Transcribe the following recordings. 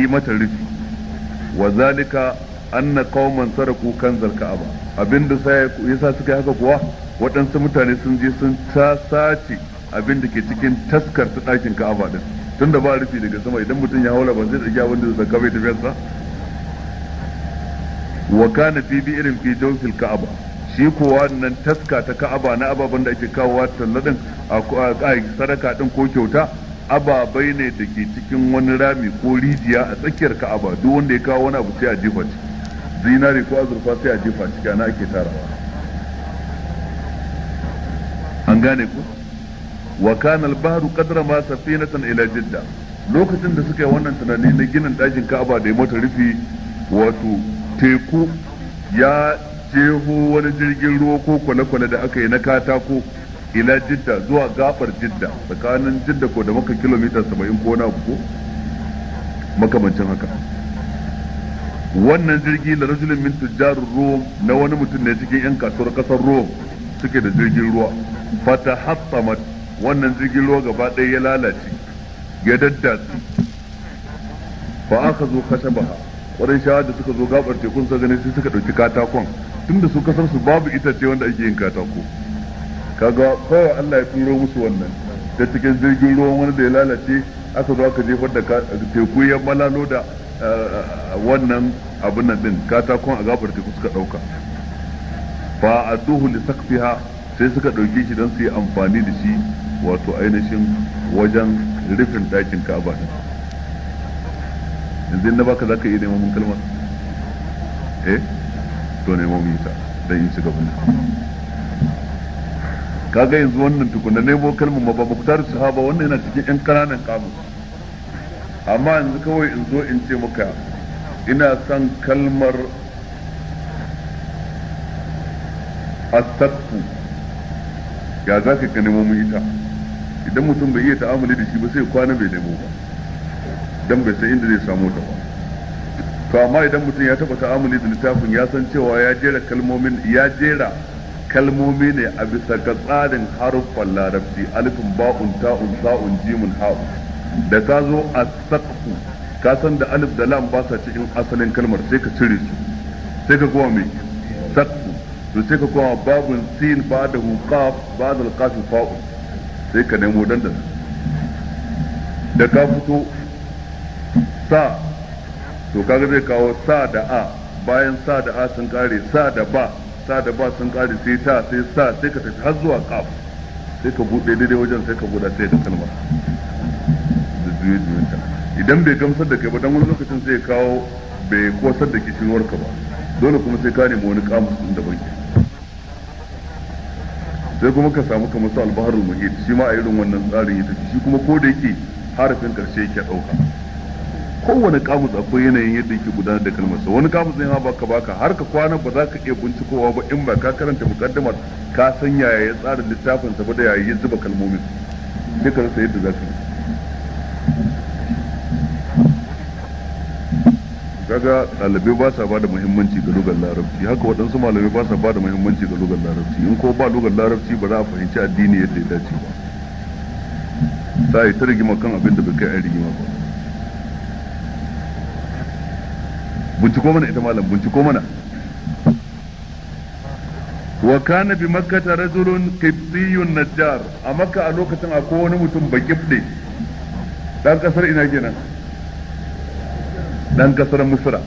yi mata rufi wa zalika anna qauman saraku kanzal ka'aba abinda sai yasa suka haka kuwa waɗansu mutane sun je sun ta sace abinda ke cikin taskar ta ɗakin ka'aba din tunda ba rufi daga sama idan mutum ya haula ba zai tsaki abin da zai saka bai tafiyarsa wa kana fi bi irin fi jawfil ka'aba shi kuwa wannan taska ta ka'aba na ababen da ake kawowa talla din a sadaka din ko kyauta ababai ne da ke cikin wani rami ko rijiya a tsakiyar ka'aba duk wanda ya kawo wani abu sai a jefa ci zinari ko azurfa sai a jefa ciki ana ake tarawa an gane ku wa kana al-bahru qadra ma safinatan ila jidda lokacin da suka yi wannan tunani na ginin dakin ka'aba da ya mata rufi wato teku ya jeho wani jirgin ruwa ko kwale-kwale da aka yi na katako ila jidda zuwa gafar jidda tsakanin jidda ko da maka kilomita saba'in ko na ko makamancin haka wannan jirgi da rajulun min tujjarur ruwan na wani mutum ne cikin yan kasuwar kasar ruwan suke da jirgin ruwa fata hatsamat wannan jirgin ruwa gaba ɗaya ya lalace ya daddatsu a aka zo kashabaha ƙwarin shawa da suka zo gabar tekun sa gani sai suka ɗauki katakon tunda su kasar su babu itace wanda ake yin katako kaga kowa Allah ya turo musu wannan ta cikin jirgin ruwan wani da ya lalace aka zo aka jefar da teku ya malalo da eh, wannan abin nan din katakon a gabar teku suka dauka fa adduhu li sakfiha sai suka dauke shi don su yi amfani da shi wato ainihin wajen rufin dakin Ka'aba din yanzu na baka zaka iya neman mun kalmar eh to neman mun ta dan in shiga bin kaga yanzu wannan tukuna nemo kalmar ma ba muktar sahaba wannan yana cikin yan kananan kamus amma yanzu kawai in zo in ce maka ina son kalmar astakku ya za ka nemo mu ita idan mutum bai iya ta'amuli da shi ba sai kwana bai nemo ba dan bai san inda zai samu ta ba to amma idan mutum ya taba ta'amuli da littafin ya san cewa ya jera kalmomin ya jera kalmomi ne a bisa ga tsarin haruffan larabci alifin ba'un ta'un sa'un jimun ha'u da ka zo a saqfu ka san da alif da lam ba sa cikin asalin kalmar sai ka cire su sai ka kowa mai saqfu to sai ka kowa babun sin ba da hukaf ba da qaf fa'u sai ka nemo dandan da ka fito sa to kaga zai kawo sa da a bayan sa da a sun kare sa da ba sa da ba sun kare sai ta sai sa sai ka tafi har zuwa kaf sai ka bude daidai wajen sai ka buɗa sai ka kalma da juye juyenta idan bai gamsar da kai ba dan wani lokacin sai kawo bai kosar da kishirwar ka ba dole kuma sai ka nemi wani kamus din da banki sai kuma ka samu kamar su albaharul muhit shi ma a irin wannan tsarin ya tafi shi kuma ko da yake harafin karshe yake ɗauka kowane kamus akwai yanayin yadda yake gudanar da kalmarsa wani kamus ne ma baka baka har ka kwana ba za ka iya bincikowa ba in ba ka karanta mukaddamar ka san yaya ya tsara littafin sa ba da yaya ya zuba kalmomin duka rasa yadda za ka yi kaga ɗalibai ba sa bada muhimmanci ga lugar larabci haka waɗansu malamai ba sa bada muhimmanci ga lugar larabci in ko ba lugar larabci ba za a fahimci addini yadda ya dace ba sai ta rigima kan abin da bai kai a rigima ba binciko mana ita malam binciko mana wa kana bi makkata rajulun qibtiyun najjar a makka a lokacin akwai wani mutum ba kibde dan kasar ina kenan dan kasar misra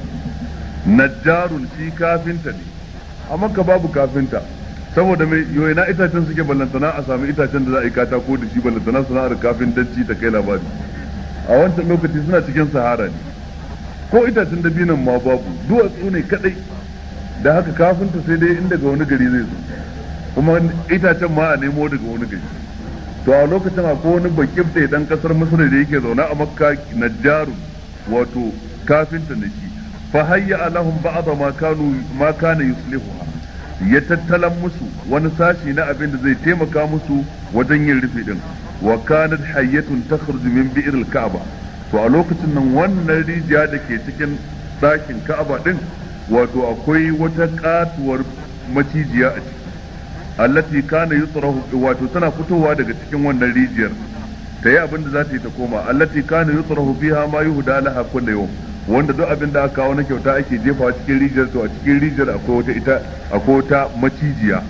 najjarun shi kafinta ne a makka babu kafinta saboda mai yau ina itacen suke ballantana a sami itacen da za a yi katako da shi ballantana sana'ar kafin dacci ta kai labari a wancan lokaci suna cikin sahara ne ko itacen dabinan ma babu duwatsu ne kadai da haka kafinta sai dai inda daga wani gari zai zo kuma itacen ma a nemo daga wani gari to a lokacin akwai wani bakin da dan kasar misir da yake zaune a makka najjaru wato kafinta ne shi fa hayya alahum ba'd ma kanu ma kana yuslihuha ya tattalan musu wani sashi na abin da zai taimaka musu wajen yin rufe din wa kanat hayyatun takhruju min bi'ril kaba to a lokacin nan wannan rijiya da ke cikin ɗakin ka'aba din wato akwai wata katuwar macijiya a ciki allati kana yutrahu wato tana fitowa daga cikin wannan rijiyar ta yi abin da za ta yi ta koma allati kana yutrahu biha ma yuhda laha kullu yawm wanda duk abin da aka kawo na kyauta ake jefawa cikin rijiyar to a cikin rijiyar akwai wata ita akwai wata macijiya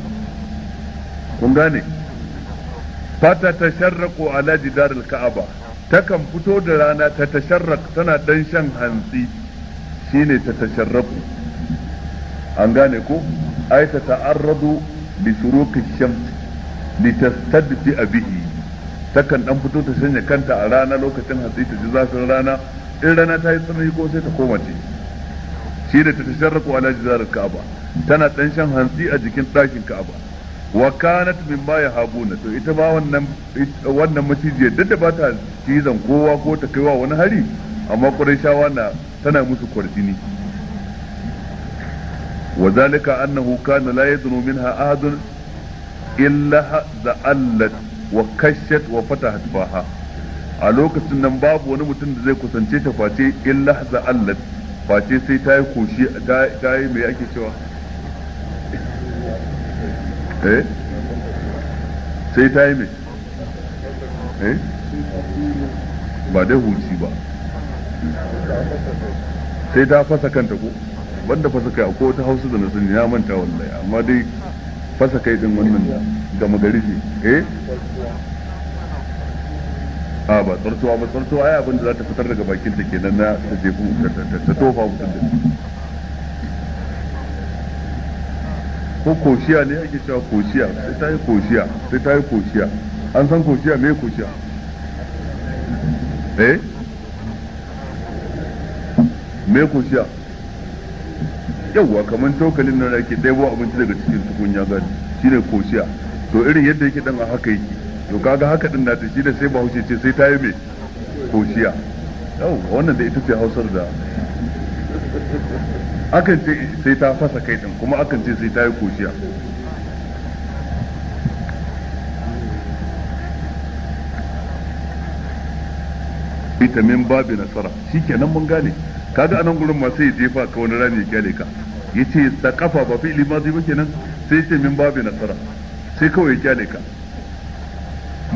kun gane fata tasharraqu ala jidaril ka'aba takan fito da rana ta tasharrak tana dan shan hantsi shine ta tasharraku an gane ko ai ta ta'arradu bi shuruqi shams li tastadfi bihi takan dan fito ta sanya kanta a rana lokacin hantsi ta ji zafin rana in rana ta yi tsanani ko sai ta koma ce shine ta tasharraku ala jizar ka'aba tana dan shan hantsi a jikin ɗakin ka'aba wa kanat min ma yahabuna to ita ma wannan wannan macijiyar duk da ba ta cizon ko ta kaiwa wani hari amma shawa na tana musu kwarjini wazalika zalika annahu kana la yadnu minha ahadun illa wa kashat wa fatahat a lokacin nan babu wani mutum da zai kusance ta face illa za'allat face sai ta yi ta yi mai ake cewa eh sai ta yi mai eh ba dai huci ba sai ta fasa kanta ko banda fasa kai ko ta hausa da nasu ya manta wallahi amma dai fasa kai din wannan da magari ce eh a ba tsartuwa ba tsartuwa ai abin da za ta fitar daga bakin ta kenan na ta jefu ta tofa mutum da ko koshiya ne ake cewa koshiya sai ta yi koshiya sai ta yi koshiya an san koshiya me koshiya eh me koshiya yawwa kamar tokalin nan ake ɗebo abinci daga cikin ya gani shine koshiya to irin yadda yake dan a haka yake to kaga haka din na ta shi da sai bahaushe ce sai ta yi me koshiya yawwa wannan da ita ce hausar da akan ce sai ta fasa kai din kuma akan ce sai ta yi koshiya ita min babi nasara shikenan mun gane kaga anan gurin ma sai jefa ka wani rami ya kyale ka yace kafa ba fi ilima zai ba kenan sai ce min babi nasara sai kawai ya kyale ka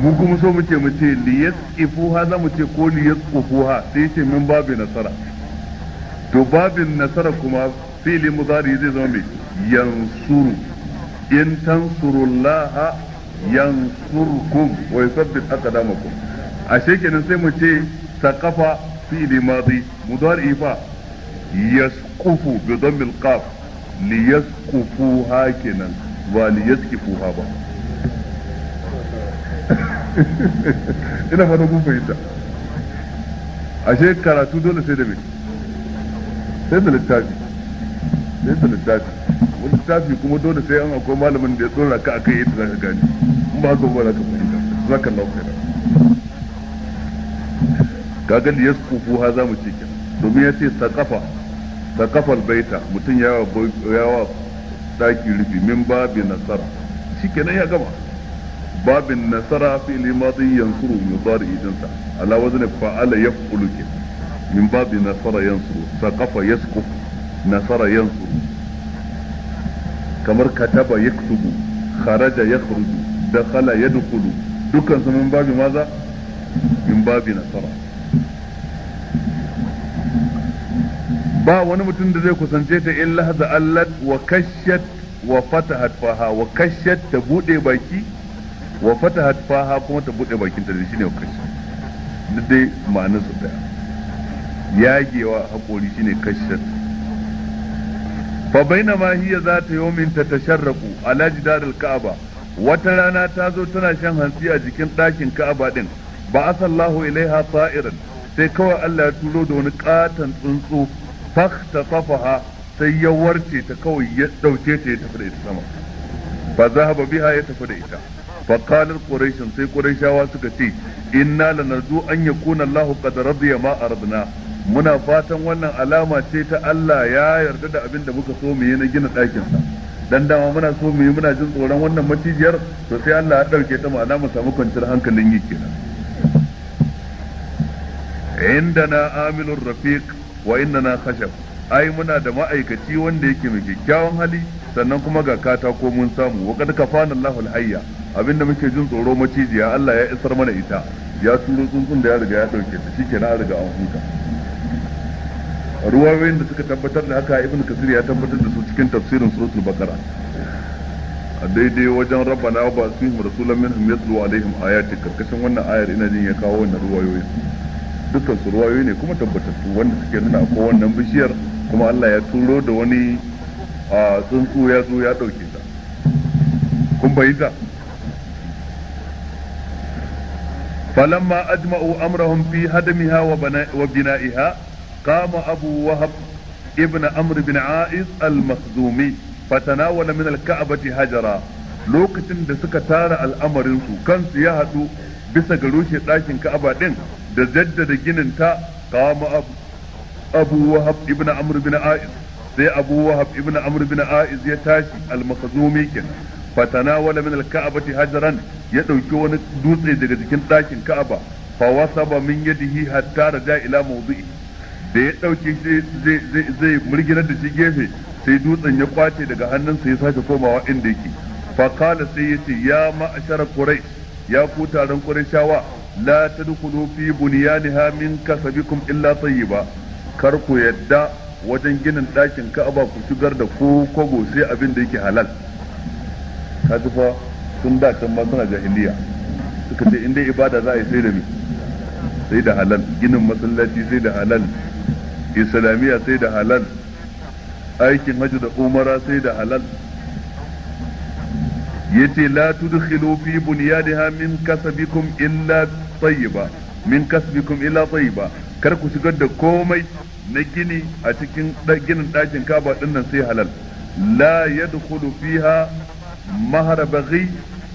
mu kuma so muke mu ce liyas ifuha za mu ce ko liyas ufuha sai ce min babi nasara to babin nasara kuma fili muzari zai zama mai yansuru in tansurullaha yansurkum wa yusabbit aqdamakum ashe kenan sai mu ce saqafa fili madi mudari fa yasqufu bi dhammil qaf li yasqufu hakinan wa li yasqifu haba ba ina fata kun fahimta ashe karatu dole sai da mai sai da littafi sai da littafi wani littafi kuma dole sai an akwai malamin da ya tsora ka akai yadda zaka gane in ba ka ba zaka fahimta zaka lau kai kaga da kufu ha mu ce kenan domin ya ce sakafa saqafa baita mutum ya yawa daki rufi min babin nasara shikenan ya gama babin nasara fi limadin yansuru yudari idan sa ala wazna fa'ala ya kenan min babi nasara yansu saqafa yasqu nasara yansu kamar kataba yaktubu kharaja yakhruju dakhala yadkhulu dukkan su min babi maza min babi nasara ba wani mutum da zai kusance ta illa haza allat wa kashat wa fatahat faha wa kashat ta bude baki wa fatahat faha kuma ta bude bakin ta shine wa kashat duk dai ma'anar su daya yagewa haƙori shine kashar fa bainama hiya za ta yomin ta tasharraqu ala jidaril ka'aba wata rana ta zo tana shan hantsi a jikin ɗakin ka'aba din ba asallahu ilaiha sa'iran sai kawai Allah ya turo da wani katon tsuntsu fakhtasafaha sai ya warce ta kawai ya dauke ta ya tafi da ita sama fa zahaba biha ya tafi da ita fa qala quraish sai qurayshawa suka ce inna lanarju an yakuna Allahu qad radiya ma aradna muna fatan wannan alama ce ta Allah ya yarda da abin da muka so mu yi na gina ɗakinsa dan dama muna so mu yi muna jin tsoron wannan macijiyar to sai Allah ya ɗauke ta ma'ana mu samu kwanciyar hankalin yi kenan indana aminur rafiq wa na khashab ai muna da ma'aikaci wanda yake mai kyakkyawan hali sannan kuma ga katako mun samu wa kad kafana Allahul hayya abinda muke jin tsoro macijiya Allah ya isar mana ita ya turo tsuntsun da ya riga ya dauke ta shikenan an riga an huta ruwayoyin da suka tabbatar da haka ibn kasir ya tabbatar da su cikin tafsirin suratul baqara a daidai wajen rabbana wa basihim rasulan minhum yatlu alaihim ayati karkashin wannan ayar ina jin ya kawo wannan ruwayoyin dukkan su ruwayoyi ne kuma tabbatattu wanda suke nuna ko wannan bishiyar kuma Allah ya turo da wani a tsuntsu ya zo ya dauke ta kun ta? falamma ajma'u amrahum fi hadamiha wa bina'iha قام أبو وهب ابن عمرو بن عائز المخزومي فتناول من الكعبة هجرا lokacin da suka tara al'amarinsu kansu ya haɗu bisa ga rushe ɗakin ka'aba ɗin da jaddada ginin ta kama abu wahab ibn amr bin a'iz sai abu wahab ibn amr bin a'iz ya tashi al-makhzumi fatana fatanawala min al-ka'bati hajaran ya ɗauki wani dutse daga jikin ɗakin ka'aba fa wasaba min yadihi hatta da ila mawdu'i da ya ɗauki zai murginar da shi gefe sai dutsen ya kwace daga hannunsa ya sake komawa inda yake fakala sai ya ce ya ma'ashara kurai ya ku taron shawa la tadkhulu fi bunyaniha min kasabikum illa ba. kar ku yadda wajen ginin ɗakin ka'aba ku shigar da ko kogo sai abin da yake halal kaji fa sun da can ma suna jahiliya suka ce inda ibada za a yi sai da mi sai da halal ginin masallaci sai da halal islamiyya sai da halal aikin hajji da umara sai da halal yace la tudkhilu fi bunyanha min kasabikum illa tayyiba min kasbikum illa tayyiba kar ku shigar da komai na gini a cikin ginin ɗakin kaba din nan sai halal la yadkhulu fiha mahar baghi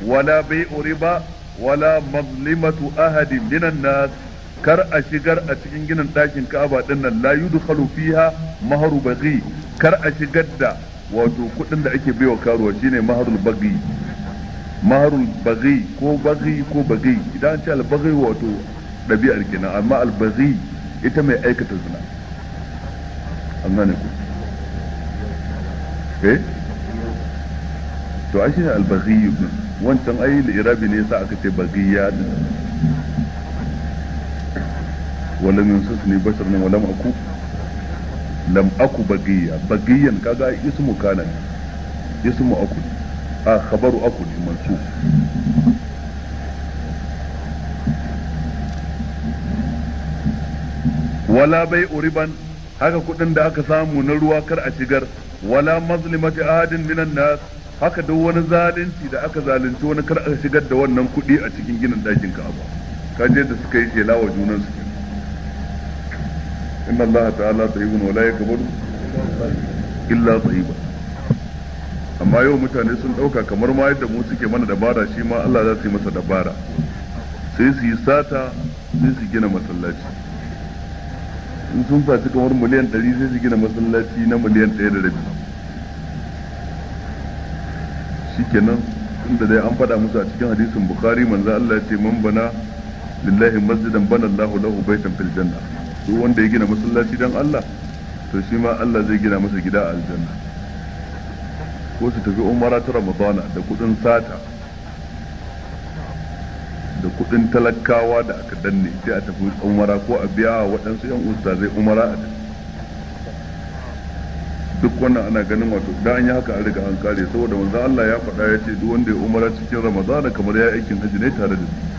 wala bai'u riba wala mazlimatu ahadin minan nas kar a shigar a cikin ginin ɗakin Ka'aba din nan la yudkhalu fiha maharu baghi kar a shigar da wato kuɗin da ake baiwa karuwa shine maharul baghi maharul baghi ko baghi ko baghi idan ce al baghi wato ɗabi'ar kenan amma al baghi ita mai aikata zina amma ne ku eh to ai shine al baghi wancan ai da irabi ne yasa aka ce baghiya din walam yunsusni nan, walam aku lam aku bagiya bagiyan kaga ismu kana ismu aku a khabaru aku ne mansu wala bai uriban haka kudin da aka samu na ruwa kar a shigar wala mazlimati adin minan nas haka duk wani zalunci da aka zalunci wani kar a shigar da wannan kudi a cikin ginin dakin Ka'aba kaje da suka yi shela wa junan su inna Allah ta'ala tayyibun wa ya yakbudu illa tayyiba amma yau mutane sun dauka kamar ma yadda mu suke mana dabara shi ma Allah za su yi masa dabara sai su yi sata sai su gina masallaci in sun saci kamar miliyan 100 sai su gina masallaci na miliyan ɗaya da rabi shikenan tunda dai an faɗa musu a cikin hadisin bukhari manzo Allah ya ce man bana lillahi masjidan bana Allahu lahu baitan fil janna duk wanda ya gina masallaci dan Allah to shi ma Allah zai gina masa gida a aljanna ko su tafi umara ta ramadana da kudin sata da kudin talakawa da aka danne sai a tafi umara ko a biya wa waɗansu yan ustazai umara a tafi duk wannan ana ganin wato da an yi haka an riga an kare saboda manzo Allah ya faɗa ya ce duk wanda ya umara cikin ramadana kamar ya aikin haji ne tare da su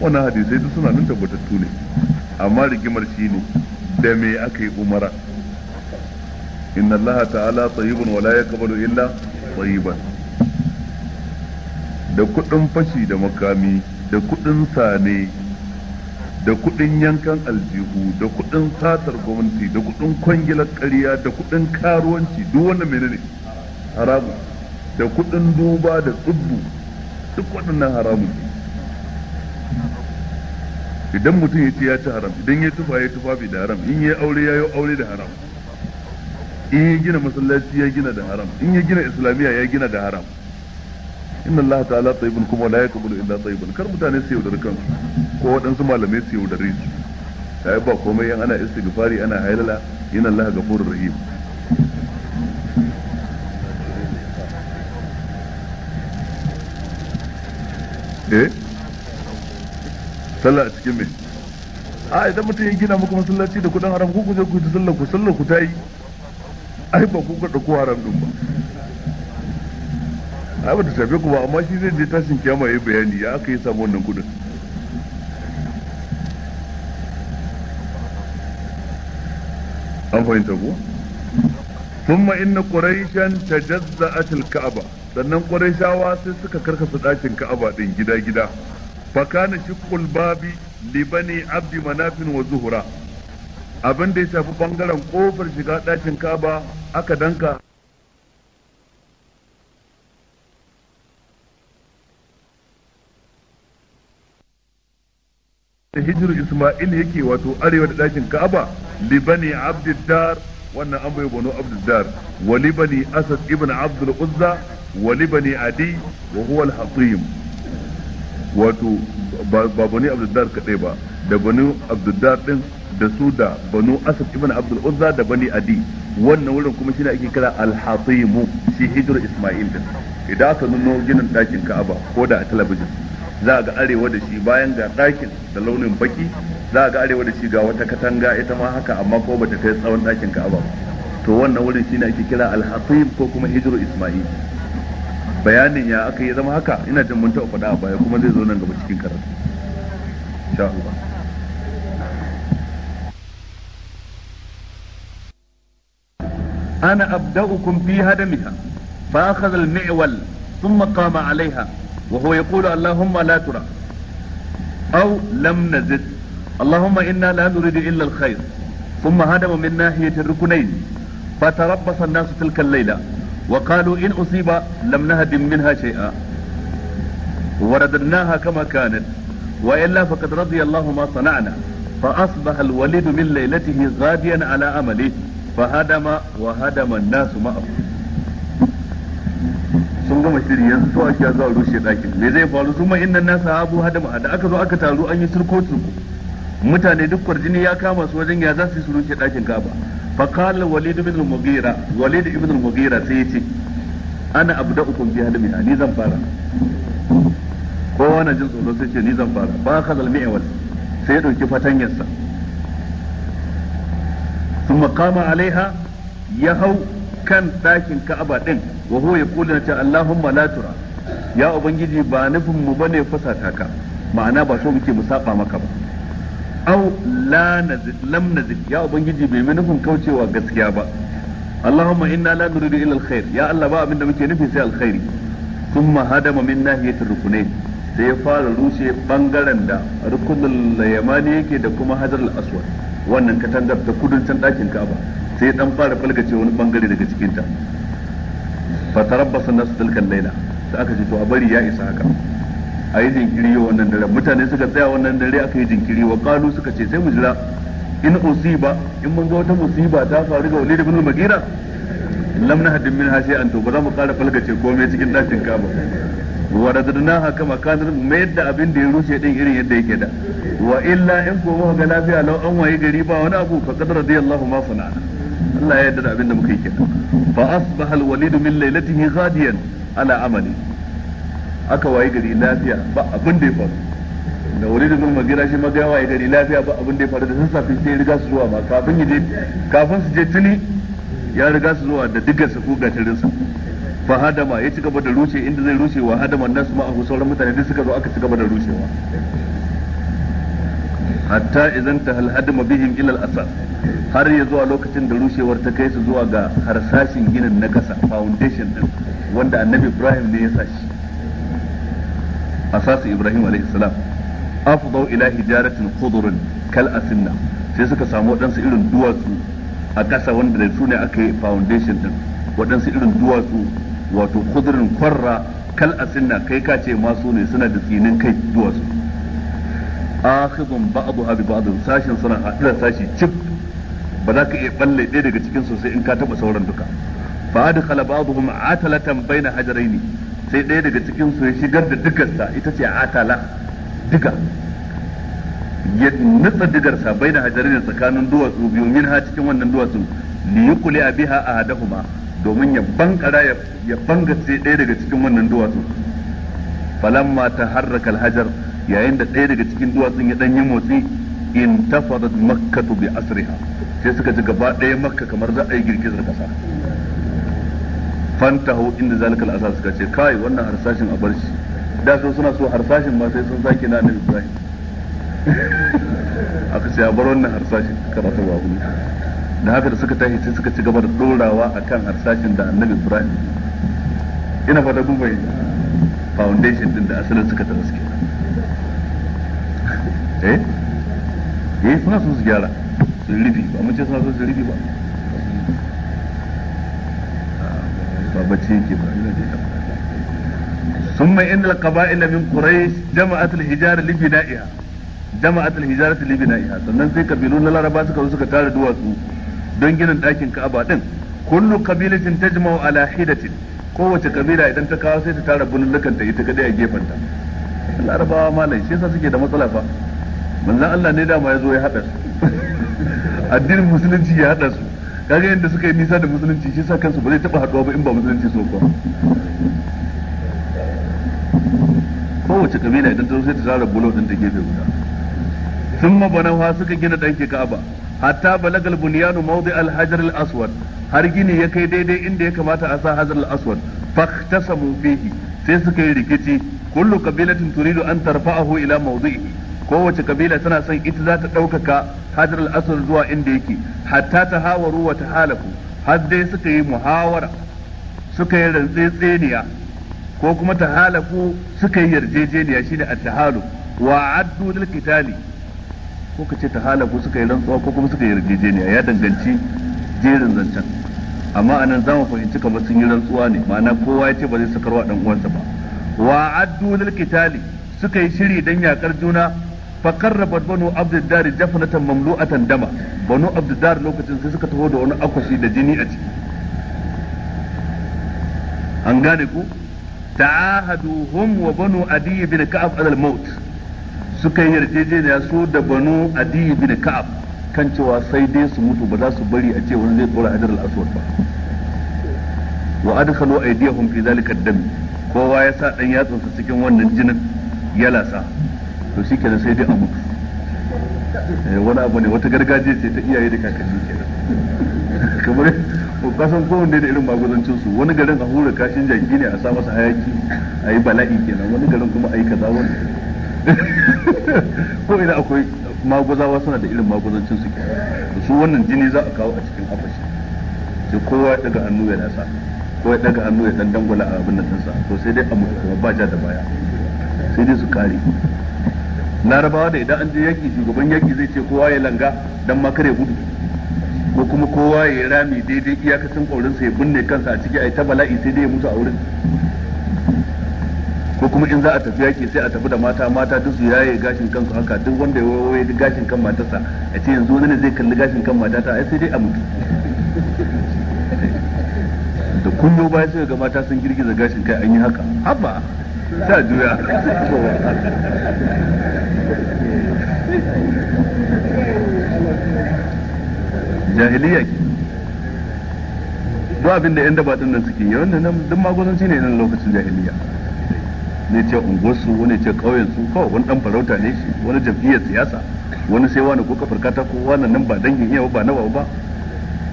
wannan hadisai duk suna nan tabbatattu ne amma rigimar shi ne da me aka yi umara inna Allah ta'ala tayyibun wala yaqbalu illa tayyiban da kudin fashi da makami da kudin sane da kudin yankan aljihu da kudin satar gwamnati da kudin kwangilar ƙarya da kudin karuwanci duk wannan menene haramu da kudin duba da tsubbu duk waɗannan haramun ne idan mutum ya ce ya ci haram idan ya tufa ya tufa bi da haram in ya aure ya yi aure da haram in ya gina masallaci ya gina da haram in ya gina islamiyya ya gina da haram inna Allah ta'ala tayyibun kuma la yaqbalu illa tayyiban kar mutane su yaudar kansu ko waɗansu malamai su yaudare su sai ba komai yan ana istighfari ana haylala inna Allah ghafurur rahim eh sallah a cikin mai a idan mutum ya gina muku masallaci da kudin haram ku je ku yi sallah ku sallah ku ta yi. ai ba ku kada ku haram din ba ai ba ta shafe ku ba amma shi zai je tashin kiyama yayi bayani ya aka yi samu wannan kudin an fahimta ko ثم إن قريشا تجزأت الكعبة sannan ƙwarai sai suka karkasa ɗakin ka'aba ɗin gida-gida fa kana shiqqul babi li bani abdi manafin wa zuhra abin da ya shafi bangaren kofar shiga ɗakin kaba aka danka da hijiru isma'il yake wato arewa da ɗakin ka'aba libani abdiddar wannan an bai bano abdiddar wa libani asad ibn abdul uzza wa libani adi wa huwa al-hatim wato ba bani abduddar kadai ba da bani abduddar din da su da banu asad ibn abdul uzza da bani adi wannan wurin kuma shine ake kira al-hatimu shi hijr isma'il din idan aka nuno ginin dakin ka'aba ko da a talabijin za a ga arewa da shi bayan ga dakin da launin baki za ga arewa da shi ga wata katanga ita ma haka amma ko bata kai tsawon dakin ka'aba to wannan wurin shine ake kira al-hatim ko kuma hijr isma'il bayanin ya aka yi zama haka ina jin mun taɓa faɗa baya kuma zai zo nan gaba cikin karatu insha Allah ana abda'ukum fi hadamiha fa akhadha al-mi'wal thumma qama 'alayha wa huwa yaqulu allahumma la tura aw lam nazid allahumma inna la nuridu illa al-khayr thumma hadama min nahiyati ar-rukunayn fa tarabbasa an-nasu tilka al-layla وقالوا إن أصيب لم نهد منها شيئا ورددناها كما كانت وإلا فقد رضي الله ما صنعنا فأصبح الوليد من ليلته غاديا على عمله فهدم وهدم الناس معه sun gama shiri yanzu to ake zuwa rushe ɗakin me zai faru sun mai innan nasa abu hadama da aka zo aka taru an yi turko turko mutane duk kwarjini ya kama su wajen ya za su yi su rushe ɗakin kaba فقال وليد بن المغيرة وليد بن المغيرة سيتي أنا أبدأكم بهلمها ني زن فارا kowa na jin tsoro sai ni zan fara ba ka zalmi awal sai ya ɗauki fatanyarsa sun makama alaiha ya hau kan ɗakin ka'aba ɗin wa huwa ya kula ta Allahumma la tura ya ubangiji ba nufin mu bane fusata ka ma'ana ba so muke mu saba maka ba au la nazid lam nazid ya ubangiji bai mai nufin kaucewa gaskiya ba Allahumma inna la nuridu ila alkhair ya Allah ba abinda muke nufi sai alkhairi thumma hadama min nahiyatir rukunain sai ya fara rushe bangaren da rukunul yamani yake da kuma hajar aswad wannan katangar ta kudancin dakin Ka'aba sai dan fara falgace wani bangare daga cikin ta fa tarabbasa nasu tilkan laila sai aka ce to a bari ya isa haka a yi jinkiri wa wannan dare mutane suka tsaya wannan dare aka yi jinkiri wa kalu suka ce sai mu jira in usiba in mun ga wata musiba ta faru ga walid ibn al magira lam nahdin min hashi an to ba za mu kara falgace komai cikin dakin kaba wa radadnaha kama kanar mu mayar da abin da ya rushe din irin yadda yake da wa illa in ko mu ga lafiya lau an waye gari ba wani abu fa qadar radiyallahu ma sana Allah ya yarda da abin da muka yi kenan fa asbaha al-walid min laylatihi ghadiyan ala amali aka waye gari lafiya ba abin da ya faru da wuri da mun magira shi magaya waye gari lafiya ba abin da ya faru da sassafe sai riga su zuwa ma kafin ya je kafin su je tuni ya riga su zuwa da dukkan su ko gatarin su fa hadama ya ci gaba da rushe inda zai rushe wa hadaman nasu ma a sauran mutane duk suka zo aka ci gaba da rushewa hatta idan ta halhadama bihim ilal asas har ya zuwa lokacin da rushewar ta kai su zuwa ga harsashin ginin na kasa foundation din wanda annabi ibrahim ne ya sa shi asasi ibrahim alaihi salam afdau ila hijaratin qudur kal asinna sai suka samu waɗansu irin duwatsu a kasa wanda da su ne aka yi foundation din waɗansu irin duwatsu wato khudurun kwarra kal asinna kai ka ce masu ne suna da tsinin kai duwatsu akhidun ba'du abi ba'du sashin suna haɗa sashi chip ba za ka iya balle ɗaya daga cikin sosai in ka taba sauran duka fa adkhala tambayi atalatan baina hajaraini sai ɗaya daga cikin su ya shigar da digarsa ita ce atala diga ya nutsa digarsa bai da hajarin tsakanin duwatsu biyu min ha cikin wannan duwatsun ha a biha kuma domin ya bankara ya bangace ɗaya daga cikin wannan duwatsun falamma taharraka alhajar yayin da ɗaya daga cikin duwatsun ya yi motsi in tafadat makkatu bi asriha sai suka ji gaba ɗaya makka kamar za a yi girgizar kasa fantahu inda zalika al'asa suka ce kai wannan harsashin a bar shi da su suna so harsashin ma sai sun sake na annabi Ibrahim aka ce a bar wannan harsashin karatu ba kuma da haka da suka tashi sai suka ci gaba da dorawa akan harsashin da annabi Ibrahim ina fata kun fahimta foundation din da asalin suka ta suke eh eh suna so su gyara su rufi ba mun ce suna so su rufi ba ba bacci yake ba yana da ثم إن القبائل من قريش جمعت الحجارة لبنائها sannan sai kabilun na Laraba suka zo suka tara duwatsu don ginin dakin Ka'aba din kullu qabilatin tajma'u ala hidatin kowace kabila idan ta kawo sai ta tara bulullukan ta ita kadai a gefen ta Larabawa malai shi yasa suke da matsala fa manzon Allah ne dama ya zo ya hada su addinin musulunci ya hada su kaga yadda suka yi nisa da musulunci shi sa kansu ba zai taba haduwa ba in ba musulunci so ba kowace kabila idan ta sai ta zara bulo din ta gefe guda sun suka gina ɗanki ka'aba hatta balagal bunyanu mawdi al-hajar al-aswad har gini ya kai daidai inda ya kamata a sa hajar al-aswad fahtasamu fihi sai suka yi rikici kullu kabilatin turidu an tarfa'ahu ila mawdihi kowace kabila tana son ita za ta ɗaukaka hajar al'asar zuwa inda yake hatta ta hawaru wa ta halaku har dai suka yi muhawara suka yi rantsetseniya ko kuma ta halaku suka yi yarjejeniya shine ta halu wa addu lil kitali ko kace ta halaku suka yi rantsuwa ko kuma suka yi yarjejeniya ya danganci jerin zancen amma a za zamu fahimci kamar sun yi rantsuwa ne ma'ana kowa ya ce ba zai sakarwa ɗan uwansa ba wa addu lil kitali suka yi shiri don yakar juna فقربت بنو عبد الدار جفنة مملوءة دما بنو عبد الدار لوكتين sai suka taho da wani akwashi da jini a ciki an gane ku ta'ahaduhum wa banu adi bin ka'ab alal maut suka yi yarjejeniya su da banu adi bin ka'ab kan cewa sai dai su mutu ba za su bari a ce wani zai tsora hajar al-aswad ba wa adkhalu aydiyahum fi zalika ad-dam kowa ya sa dan yatsunsa cikin wannan jinin yalasa. to shi kenan sai dai a mutu eh, wani abu ne wata gargajiya ce ta iyaye da kakanni kenan kamar kasan kowanne da irin magudancin su wani garin a hura kashin jaki ne a sa masa hayaki a yi bala'i kenan wani garin kuma a yi kaza wani ko ina akwai magudawa suna da irin magudancin su kenan su wannan jini za a kawo a cikin afashi sai kowa ya daga hannu ya nasa kowa ya daga hannu ya dan dangwala a abin nan sa to sai dai a mutu kuma ba ja da baya sai dai su kare na rabawa da idan an je yaki shugaban yaki zai ce kowa ya langa dan makar ya gudu ko kuma kowa ya rami daidai iyakacin ƙaurinsa ya binne kansa a ciki a ta bala'i sai dai ya mutu a wurin ko kuma in za a tafi yaki sai a tafi da mata mata duk su yaye gashin kansu haka duk wanda ya waye gashin kan matarsa a ce yanzu wani ne zai kalli gashin kan matata ai sai dai a mutu da kullum baya sai ga mata sun girgiza gashin kai an yi haka haba ta juya jahiliya ke duk abin da 'yan daba nan suke yi wannan nan duk magudanci ne nan lokacin jahiliya ne ce unguwarsu wani ce ƙauyensu kawai wani ɗan farauta ne shi wani jam'iyyar siyasa wani sai wani ko kafar katako wani nan ba dangin iya ba nawa ba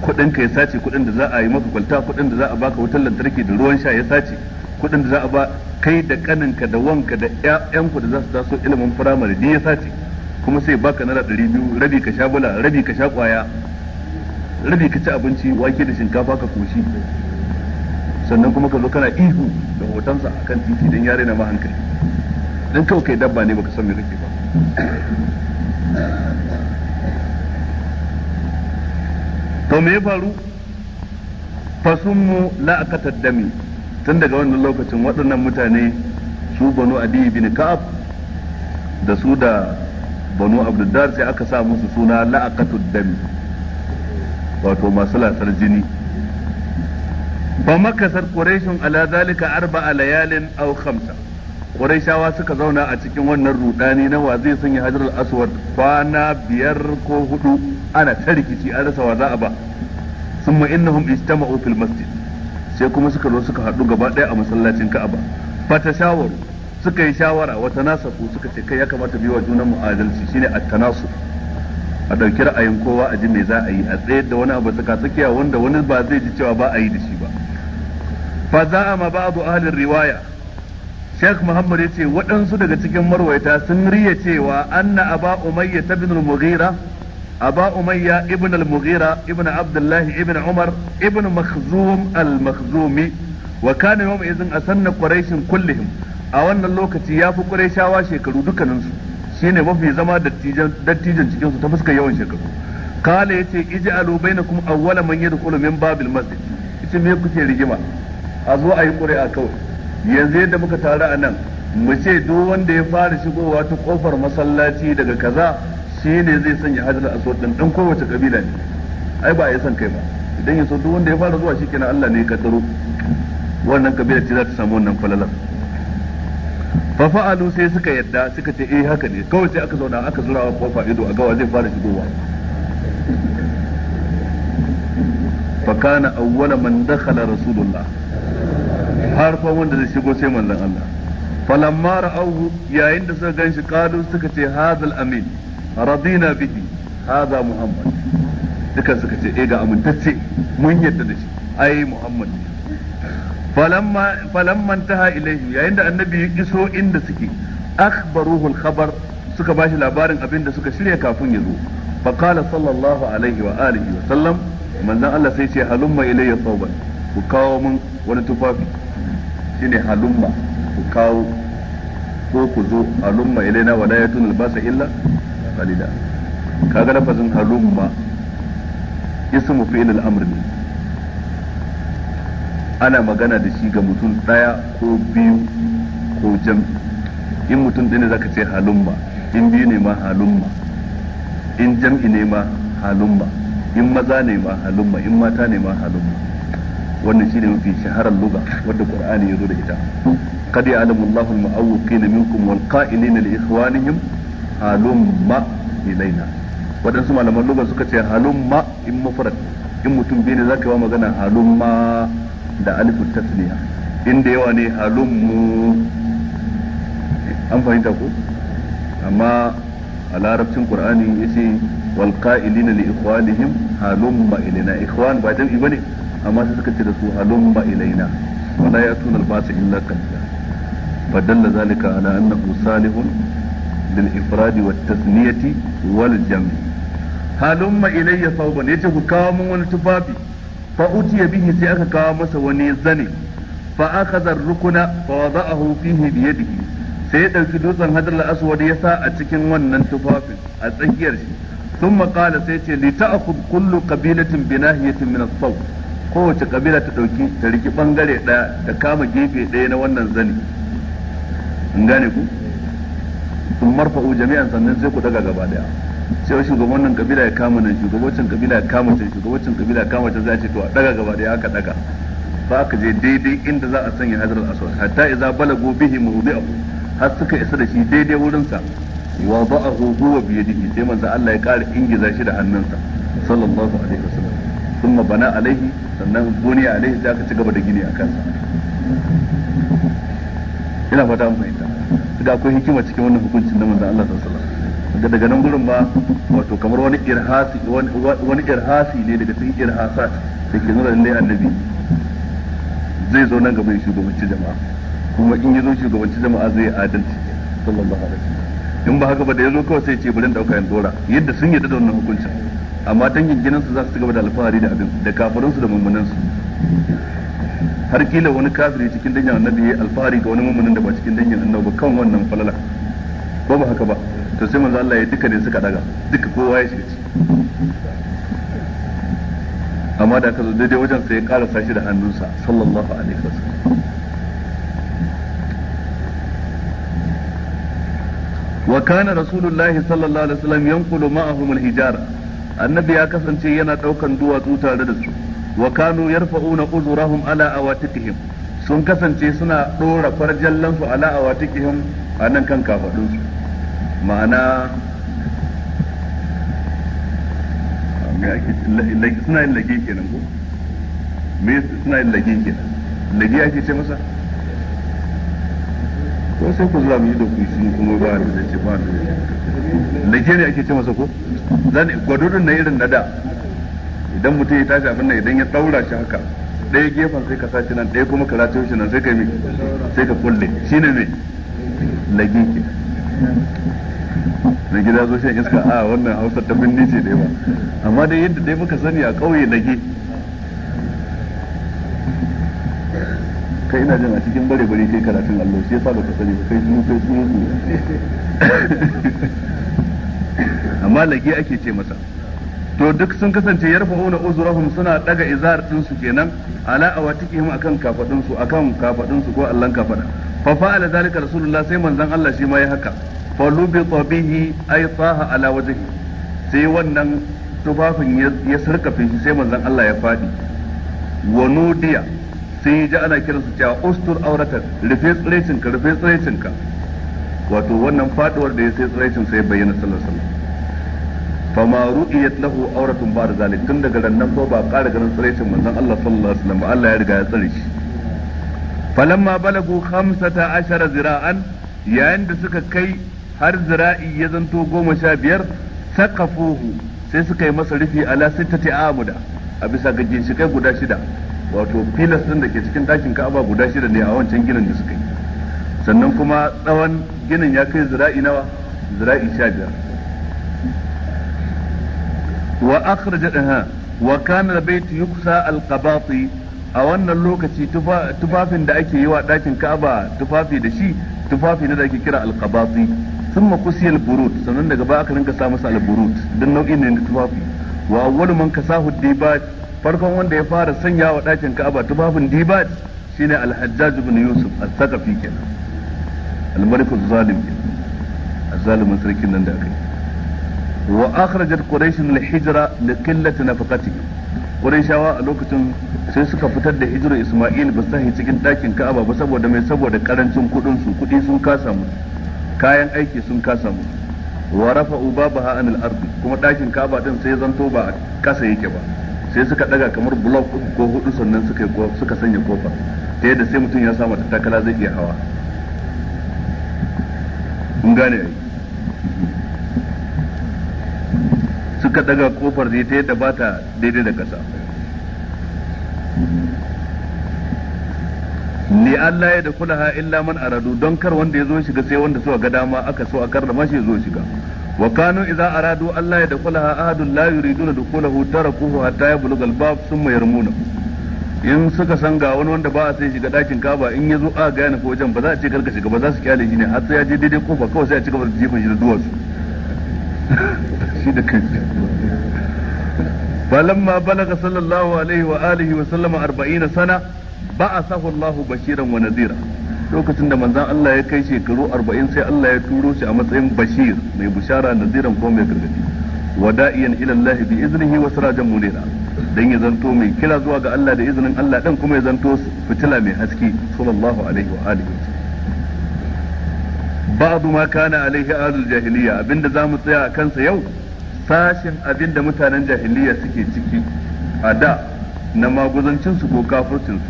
kuɗin ka ya sace kuɗin da za a yi maka kwalta kuɗin da za a baka wutar lantarki da ruwan sha ya sace kuɗin da za a ba kai da kaninka da wanka da ƴaƴanku da za su taso ilimin firamare ne ya sace kuma sai baka nara ɗari biyu rabi ka sha bula rabi ka sha ƙwaya rabi ka ci abinci wake da shinkafa ka koshi sannan kuma ka zo kana ihu da hotonsa a kan titi don yare na ma hankali don kawai kai dabba ne baka san me kake ba to me ya faru mu la'akatar dami tun daga wannan lokacin waɗannan mutane su banu adi bin ka'ab da su da banu Abdullahi sai aka sa musu suna la'aqatud dami wato masu lasar jini ba makasar quraishun ala zalika arba'a layalin aw khamsa quraishawa suka zauna a cikin wannan rudani na wa zai sanya hajar al-aswad kwana biyar ko hudu ana ta rikici a rasa wa za a ba summa innahum ijtama'u fil masjid sai kuma suka zo suka haɗu gaba ɗaya a masallacin Ka'aba fata shawaru suka yi shawara wa tanasafu suka ce kai ya kamata biyu wa junan mu adalci shine at-tanasuf a ɗauki ra'ayin kowa a ji me za a yi a tsayar da wani abu tsaka tsakiya wanda wani ba zai ji cewa ba a yi da shi ba fa za a ma ba abu ahalin riwaya Sheikh Muhammad ya ce waɗansu daga cikin marwaita sun riya cewa anna ba umayya ta bin mughira أبا أمية ابن المغيرة ابن عبد الله ابن عمر ابن مخزوم المخزومي وكان يوم إذن أسن قريش كلهم أولا اللوكة يافو قريشا وشيكرو دكننسو shine mafi zama dattijan cikin su ta fuskar yawan shekaru kala yace ij'alu bainakum awwala man yadkhulu min babil masjid yace me kuke rigima a zo a yi ƙuri'a kawai yanzu yadda muka taru a nan mu ce duk wanda ya fara shigowa ta kofar masallaci daga kaza shi ne zai sanya hajjar aswad ɗin ɗan kowace ƙabila ne ai ba ya san kai ba idan ya so duk wanda ya fara zuwa shi kenan Allah ne ya kaddaro wannan ƙabila ce za ta samu wannan falalar fa fa'alu sai suka yadda suka ce eh haka ne kawai sai aka zauna aka zura wa kofa ido a gawa zai fara shigowa fa kana awwala man dakhala rasulullah har fa wanda zai shigo sai manzon Allah falamma ra'awu yayin da suka ganshi qalu suka ce hadal amin radina bihi hadha muhammad dukan suka ce eh ga amintacce mun yadda da shi ai muhammad ne taha ilaihi yayin da annabi ya iso inda suke akhbaruhu suka bashi labarin abin da suka shirya kafin ya zo fa qala sallallahu alaihi wa alihi wa sallam manzon Allah sai ce halumma ilayya thawban ku kawo mun wani tufafi shine halumma ku kawo ko ku zo halumma ilaina wala yatun albasa illa qalila kaga lafazin halumma ismu fi'l al-amr ne ana magana da shi ga mutum daya ko biyu ko jam in mutum ɗaya ne zaka ce halumma in biyu ne ma halumma in jam'i ne ma halumma in maza ne ma halumma in mata ne ma halumma wannan shi ne mafi shaharar luga wadda qur'ani ya zo da ita qad ya'lamu Allahu al-mu'awwiqina minkum wal qa'ilina li ikhwanihim halumma ilaina waɗansu malaman lugar suka ce halumma in mufrad in mutum biyu ne za ka yi wa magana halumma da alifu tasniya inda yawa ne halummu an fahimta ko amma a larabcin qur'ani yace wal qa'ilina li ikhwanihim halumma ilaina ikhwan ba dan ibane amma sai suka ce da su halumma ilaina wala yatuna al-ba'sa illa qalila fadalla zalika ala annahu salihun للإفراد والتثنية والجمع هلم إلي صوبا يجب كام والتفافي فأتي به سيأك كامس الزني فأخذ الركن فوضعه فيه بيده sai ya ɗauki dutsen hadar al'aswad ya sa a cikin wannan tufafin a tsakiyar shi sun makala sai ce li kowace kabila ta ɗauki ta riki bangare ɗaya da kama gefe ɗaya na wannan zani in gane ku marfa marfa'u jami'an sannan sai ku daga gaba daya sai shugaban nan kabila ya kama nan shugabancin kabila ya kama can shugabancin kabila ya kama can za ce to a daga gaba daya aka daga ba aka je daidai inda za a sanya hajar aswad hatta iza balagu bihi mawdi'ahu har suka isa da shi daidai wurin sa wa ba'ahu huwa bi yadihi sai manzo Allah ya ƙara ingiza shi da hannunsa sallallahu alaihi wasallam kuma bana alaihi sannan buni alaihi da aka ci gaba da gini a kansa ina fata mun fahimta ga akwai hikima cikin wannan hukuncin na manzon Allah sallallahu alaihi wasallam daga nan gurin ba wato kamar wani irhasi wani irhasi ne daga cikin irhasat da ke nuna lallai annabi zai zo nan gaba ya shugabanci jama'a kuma in ya zo shugabanci jama'a zai adalci sallallahu alaihi wasallam in ba haka ba da ya zo kawai sai ce bari dauka yan dora yadda sun yi da wannan hukuncin amma tangin ginin su za su gaba da alfahari da abin da kafirin su da mummunan su har kila wani kafiri cikin dangin annabi ya alfahari ga wani mummunin da ba cikin dangin annabi kan wannan falala ba ba haka ba to sai manzo Allah ya duka ne suka daga duka kowa ya shiga amma da aka zo daidai wajen sai ya karasa shi da hannunsa sallallahu alaihi wasallam wa kana rasulullahi sallallahu alaihi wasallam yanqulu ma'ahum al-hijara annabi ya kasance yana daukan duwatsu tare da su wa kanu yarfa'una uzurahum ala awatikihim sun kasance suna dora farjallan su ala awatikihim a nan kan kafadun su ma'ana suna yin lage kenan ko me suna yin lage kenan lage ake ce masa ko sai ku zuwa mu yi da ku shi kuma ba da zai ce ba da zai lage ne ake ce masa ko zan gwadudun na irin na da idan mutum ya tashi abin nan idan ya daura shi haka ɗaya gefen sai ka sace nan ɗaya kuma ka rataye shi nan sai ka yi sai ka kulle shine ne lagi ke na gida zo shan iska a ah, wannan hausa ta binni ce da ba amma dai yadda dai muka sani a ƙauye lagi kai ina jin a cikin bare bare kai karatun allo shi yasa baka sani kai sun kai sun amma lagi ake ce masa to duk sun kasance una uzurahum suna daga izar din su kenan ala awatikihim akan kafadun su akan kafadun su ko Allah kafada fa fa'ala zalika rasulullah sai manzon Allah shi ma ya haka fa lubi tabihi ay taha ala wajhi sai wannan tufafin ya sarka fi sai manzon Allah ya fadi wa nudiya sai ji ana kiransu cewa ustur auratan rufe tsiraicinka rufe tsiraicinka wato wannan faduwar da ya sai tsiraicin sai bayyana sallallahu alaihi wasallam fa ma ruqiyat lahu auratun ba'da zalik tun daga rannan ko ba ƙara garin tsiraicin manzon Allah sallallahu alaihi wasallam Allah ya riga ya tsare shi falamma balagu khamsata ashara zira'an yayin da suka kai har zira'i ya zanto goma sha biyar sakafuhu sai suka yi masa rufi ala sittati amuda a bisa ga ginshikai guda shida wato filas din da ke cikin ɗakin ka'aba guda shida ne a wancan ginin da suka yi sannan kuma tsawon ginin ya kai zira'i nawa zira'i sha biyar wa akhrajatha wa kusa albayt a wannan lokaci tufafin da ake yi wa ɗakin Ka'aba tufafi da shi tufafi ne da ake kira alqabati thumma kusiyal burut sannan daga baya aka rinka sa masa alburut dan nau'in ne na tufafi wa awwalu man kasahu dibat farkon wanda ya fara sanya wa ɗakin Ka'aba tufafin dibat shine al-Hajjaj Yusuf kenan kenan sarkin nan da aka yi wa akhrajat quraish hijira hijra li qillati nafaqati quraishawa a lokacin sai suka fitar da hijru isma'il ba sahi cikin dakin ka'aba ba saboda mai saboda karancin kudin su kudi sun kasa mu kayan aiki sun kasa musu wa rafa'u babaha anil ardi kuma dakin ka'aba din sai zanto ba kasa yake ba sai suka daga kamar block uku ko hudu sannan suka suka sanya kofa ta da sai mutum ya samu takala zai iya hawa mun gane suka daga kofar ne ta yadda ba ta daidai da ƙasa Ni Allah ya da kula ha illa man aradu don kar wanda ya zo shiga sai wanda suka ga dama aka so a karrama shi ya zo shiga wa kanu idza aradu Allah ya da kula ha ahadun la yuriduna dukulahu tarakuhu hatta yablugha al thumma yarmuna in suka san ga wani wanda ba a sai shiga dakin kaba in ya zo a ga yana wajen ba za a ce karka shiga ba za su kyale shi ne har sai ya je daidai kofa kawai sai a ci gaba da jefa shi da duwatsu shi da kansa falamma balaga sallallahu alaihi wa alihi wa sallama 40 sana ba'athahu Allahu bashiran wa nadhira lokacin da manzan Allah ya kai shekaru 40 sai Allah ya turo shi a matsayin bashir mai bushara nadiran ko mai gargadi wada'iyan ila Allah bi iznihi wa sirajan munira dan ya zanto mai kira zuwa ga Allah da izinin Allah dan kuma ya zanto fitila mai haske sallallahu alaihi wa ba'du ma kana alaihi ahlul jahiliya abinda zamu tsaya a kansa yau sashin abinda mutanen jahiliya suke ciki a da na maguzancin su ko kafircin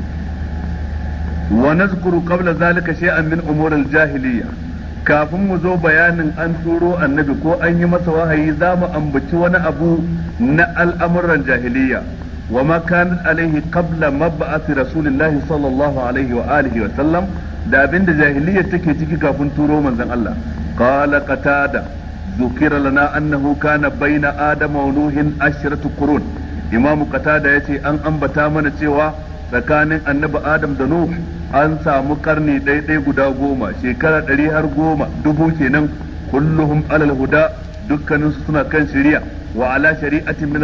su wa nazkuru qabla zalika shay'an min umuril jahiliya kafin mu zo bayanin an turo annabi ko an yi masa wahayi zamu ambaci wani abu na al'amuran jahiliya wa ma kana alaihi qabla mab'ath rasulillahi sallallahu alaihi wa alihi wa sallam da abin da jahiliyyar take ciki kafin turo manzon Allah qala qatada zukira lana annahu kana baina adama wa nuhin ashratu qurun imamu qatada yace an ambata mana cewa tsakanin annabi adam da nuh an samu karni daidai guda goma shekara ɗari har goma dubu kenan kulluhum alal huda dukkaninsu suna kan shari'a wa ala shari'atin min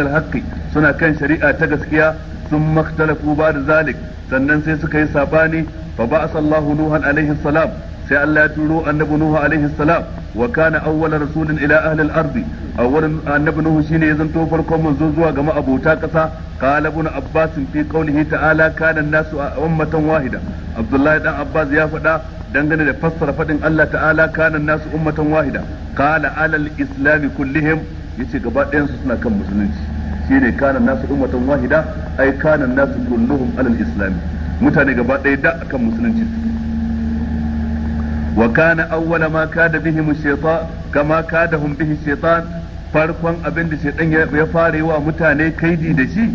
suna kan shari'a ta gaskiya ثم اختلفوا بعد ذلك sannan sai suka yi sabani fa ba'asa Allahu Nuhan alaihi salam sai Allah ya turo annabi Nuhu alaihi salam wa kana awwal rasulin ila ahli al-ardi awwal annabi Nuhu shine ya zanto farkon manzo zuwa ga ma'abota kasa qala ibn Abbas fi qawlihi ta'ala kana an-nasu ummatan wahida Abdullahi dan Abbas ya faɗa dangane da fassara faɗin Allah ta'ala kana an-nasu ummatan wahida qala alal islam kullihim yace gaba ɗayan su suna kan musulunci shi ne kanan nasu ummatan wahida ai kanan nasu kulluhum alal islam mutane gaba ɗaya da akan musulunci wa kana awwala ma kada bihi shaytan kama kadahum bihi shaytan farkon abin da shaytan ya fara yi wa mutane kaidi da shi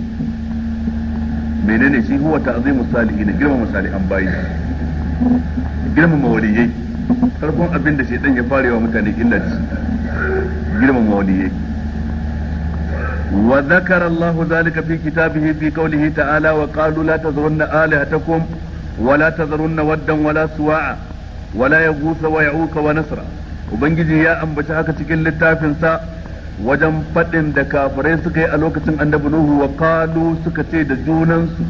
menene shi huwa ta'zimu salihin girmama musalihan bayi girmama waliyai farkon abin da shaytan ya fara yi wa mutane illa girmama waliyai وذكر الله ذلك في كتابه في قوله تعالى وقالوا لا تذرن آلهتكم ولا تذرن ودا ولا سواعا ولا يغوث ويعوق ونسرا ubangiji ya ambaci haka cikin littafinsa wajen faɗin da kafurai suka yi a lokacin annabi nuhu wa qalu suka ce da junansu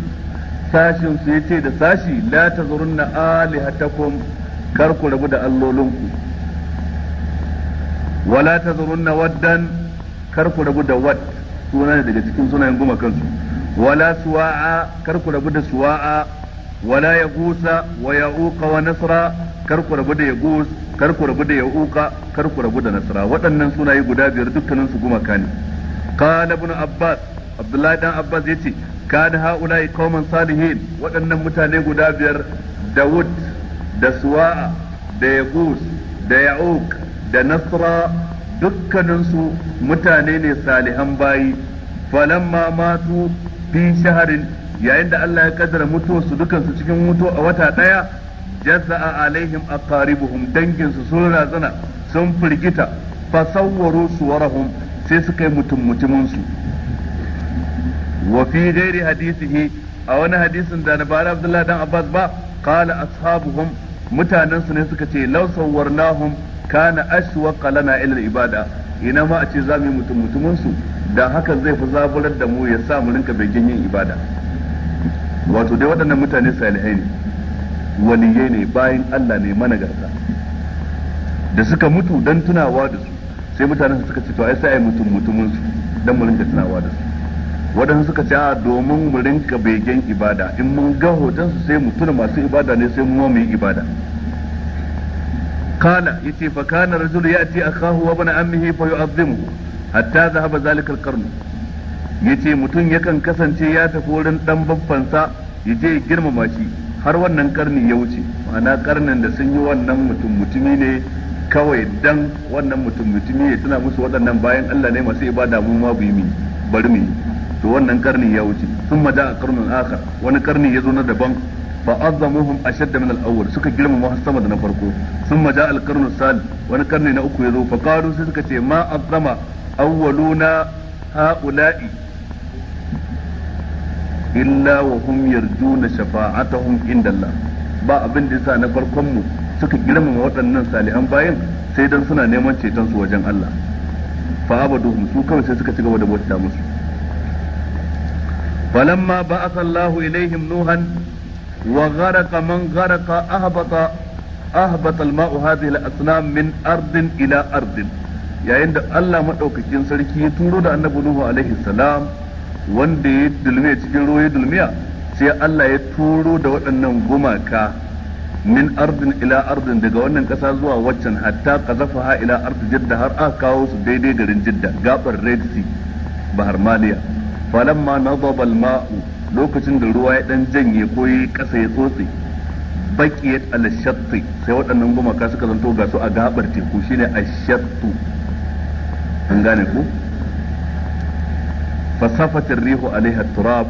sashin su yace da sashi la tazurunna alihatakum kar rabu da waddan rabu da suna ne daga cikin sunayen gumakansu wala suwa'a kar ku rabu da suwa'a wala ya gusa wa ya uka wa nasra kar ku rabu da ya gus kar ku rabu da uka kar ku rabu da nasra waɗannan sunaye guda biyar dukkanin su gumaka ne Kana ibn abbas abdullahi dan abbas yace kana haula'i qauman salihin waɗannan mutane guda biyar dawud da suwa'a da ya gus da ya'uq da nasra dukkaninsu mutane ne salihan bayi falamma matu fi shaharin yayin da Allah ya kaddara mutuwarsu dukansu cikin mutu a wata daya jaza'a alaihim aqaribuhum danginsu sun razana sun firgita sawwaru suwarahum sai suka yi mutum mutumin su wa fi ghairi hadisihi a wani hadisin da nabar Abdullahi dan Abbas ba qala ashabuhum mutanansu ne suka ce law sawwarnahum kana ashwaqa lana ila ibada ina ma a ce za mu yi mutum mutumin su da hakan zai fi zaburar da mu ya sa mu rinka begin yin ibada wato dai waɗannan mutane salihai ne waliyai ne bayan Allah ne mana managarta da suka mutu dan tunawa da su sai mutanen suka ce to ai sai ai mutum mutumin su dan mu rinka tunawa da su waɗansu suka ce a domin mu rinka begen ibada in mun ga hoton su sai mu tuna masu ibada ne sai mu ma mu yi ibada قال يتي فكان الرجل يأتي أخاه وابن أمه فيعظمه حتى ذهب ذلك القرن يتي mutum يكن kasance ya tafi wurin dan يجي ya ماشي ya har wannan karni ya wuce ma'ana karnin da sun yi wannan mutum mutumi ne kawai dan wannan mutum mutumi ya tana musu waɗannan bayan Allah ne masu ibada mu ma bu yi bari mu to wannan karni ya wuce sun da a karnin akar wani karni ya zo na daban fa azzamuhum ashadda min al-awwal suka girmama har sama da na farko sun maja al-qarnu sal wani karni na uku yazo fa qalu sai suka ce ma azzama awwaluna haula'i illa wa hum yarjuna shafa'atahum inda Allah ba abin da yasa na farkon mu suka girmama waɗannan salihan bayan sai dan suna neman ceton su wajen Allah fa abaduhum su kawai sai suka ci gaba da bauta musu falamma san Allahu ilaihim nuhan وغرق من غرق أهبط أهبط الماء هذه الأصنام من أرض إلى أرض yayin da Allah maɗaukakin sarki ya turo da annabi Nuhu alaihi wanda ya dulmiya cikin ruwa ya dulmiya sai Allah ya turo da waɗannan gumaka min ardin ila ardin daga wannan ƙasa zuwa waccan hatta qazafaha ila ardi jidda har aka kawo su daidai garin jidda gabar Red Sea bahar Maliya falamma nadaba al-ma'u lokacin da ruwa ya dan janye ko ya kasa ya tsotse baqiyat al-shatti sai waɗannan gumaka suka zanto ga su a gabar teku shine ash-shattu an gane ku fasafat ar-rihu alaiha turab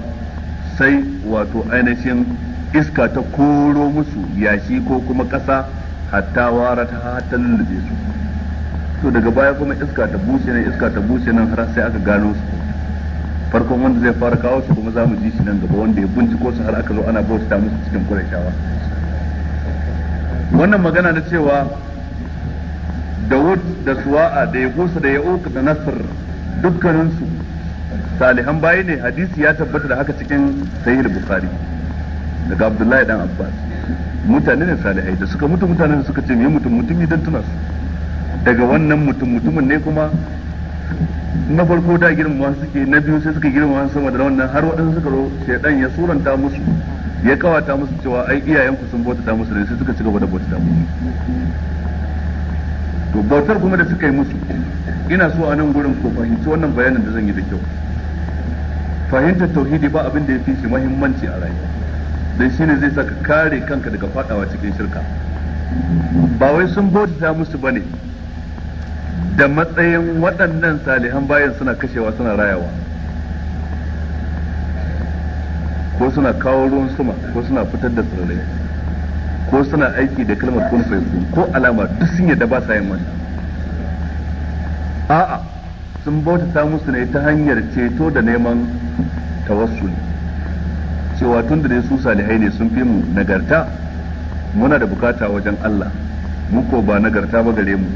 sai wato ainihin iska ta koro musu yashi ko kuma ƙasa hatta wara ta hatta lullube su to daga baya kuma iska ta bushe nan iska ta bushe nan har sai aka gano su farkon wanda zai fara kawo shi kuma za mu ji shi nan gaba wanda ya binciko su har aka zo ana bauta musu cikin kurashawa wannan magana na cewa Dawud da Suwa'a da Yahusa da Ya'uq da Nasr dukkaninsu salihan bayi ne hadisi ya tabbata da haka cikin sahih Bukhari daga Abdullahi dan Abbas mutane ne salihai da suka mutu mutane suka ce me mutum mutum idan tuna su daga wannan mutum mutumin ne kuma na farko da girmama suke na biyu sai suka girmama sama da wannan har waɗansu suka ro shaidan ya suranta musu ya kawata musu cewa ai iyayenku sun bautata musu da sai suka ci gaba da bautata musu to bautar kuma da suka yi musu ina so a nan gurin ko fahimci wannan bayanin da zan yi da kyau fahimtar tauhidi ba abin da ya fi shi muhimmanci a rayuwa dan shine zai saka kare kanka daga fadawa cikin shirka ba wai sun bautata musu bane da matsayin waɗannan salihan bayan suna kashewa suna rayawa ko suna kawo ruwan sama ko suna fitar da tsirrai ko suna aiki da kalmar kun ko alama duk sun yadda ba sa yin wannan a'a sun bautata musu ne ta hanyar ceto da neman ne cewa tun da dai su salihai ne sun fi mu nagarta muna da bukata wajen Allah mu ko ba nagarta ba gare mu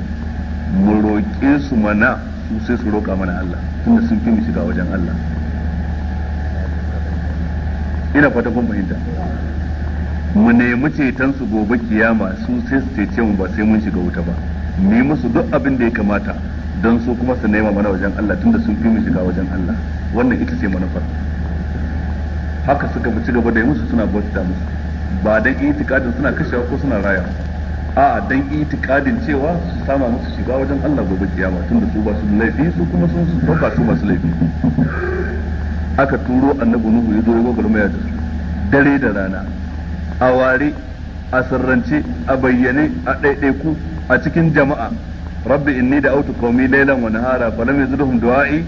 mu roƙe su mana su sai su roƙa mana Allah tunda sun fi mu shiga wajen Allah ina fata kun fahimta mu nemi ceton su gobe kiyama su sai su cece mu ba sai mun shiga wuta ba mu musu duk abin da ya kamata don su kuma su nema mana wajen Allah tunda sun fi mu shiga wajen Allah wannan ita ce manufar haka suka ci gaba da yi musu suna bauta musu ba dan itikadin suna kashewa ko suna rayawa a dan itikadin cewa su sama musu shiga wajen Allah gobe kiyama tun da su ba su laifi su kuma sun su ba su masu laifi aka turo annabi nuhu ya zo ya gwagwarmaya da su dare da rana a ware a sarrance a bayyane a ɗaiɗaiku a cikin jama'a rabbi inni da autu qaumi laylan wa nahara falam yazidhum du'a'i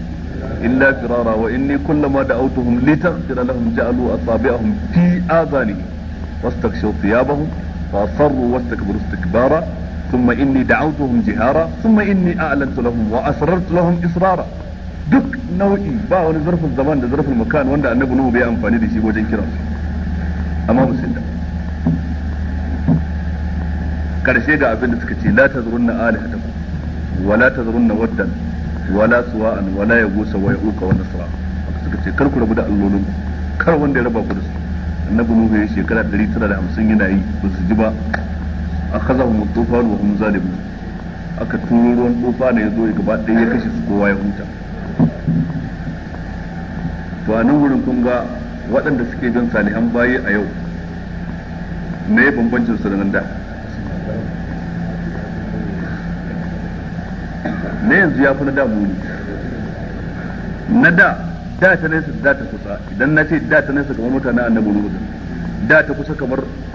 illa firara wa inni kullama da'awtuhum litaghfira lahum ja'alu asabi'ahum fi azani wastaghshaw thiyabahum فاصروا واستكبروا استكبارا ثم إني دعوتهم جهارا ثم إني أعلنت لهم وأسررت لهم إسرارا duk nau'i ba wani zarfin zaman da zarfin makan wanda annabi Nuhu bai amfani da shi wajen kiran su amma musulda karshe ga abin da suka ce la tazrunna alihatakum wa la tazrunna waddan wa la suwa'an wala la yagusa wa ya'uka wa nasra suka ce kar ku rabu da allolin kar wanda ya raba ku da su annabi nuhu ya shekara 950 yana yi ba su ji ba a kaza mu tufan wa hum mu aka turo ruwan tufa da ya zo gaba ɗaya ya kashe su kowa ya huta to a nan wurin kun ga waɗanda suke jan salihan baye a yau na yi bambancin su da nan da na yanzu ya fi na da na da da ta nesa da ta kusa idan na ce da ta nesa kamar mutanen annabi da ta kusa kamar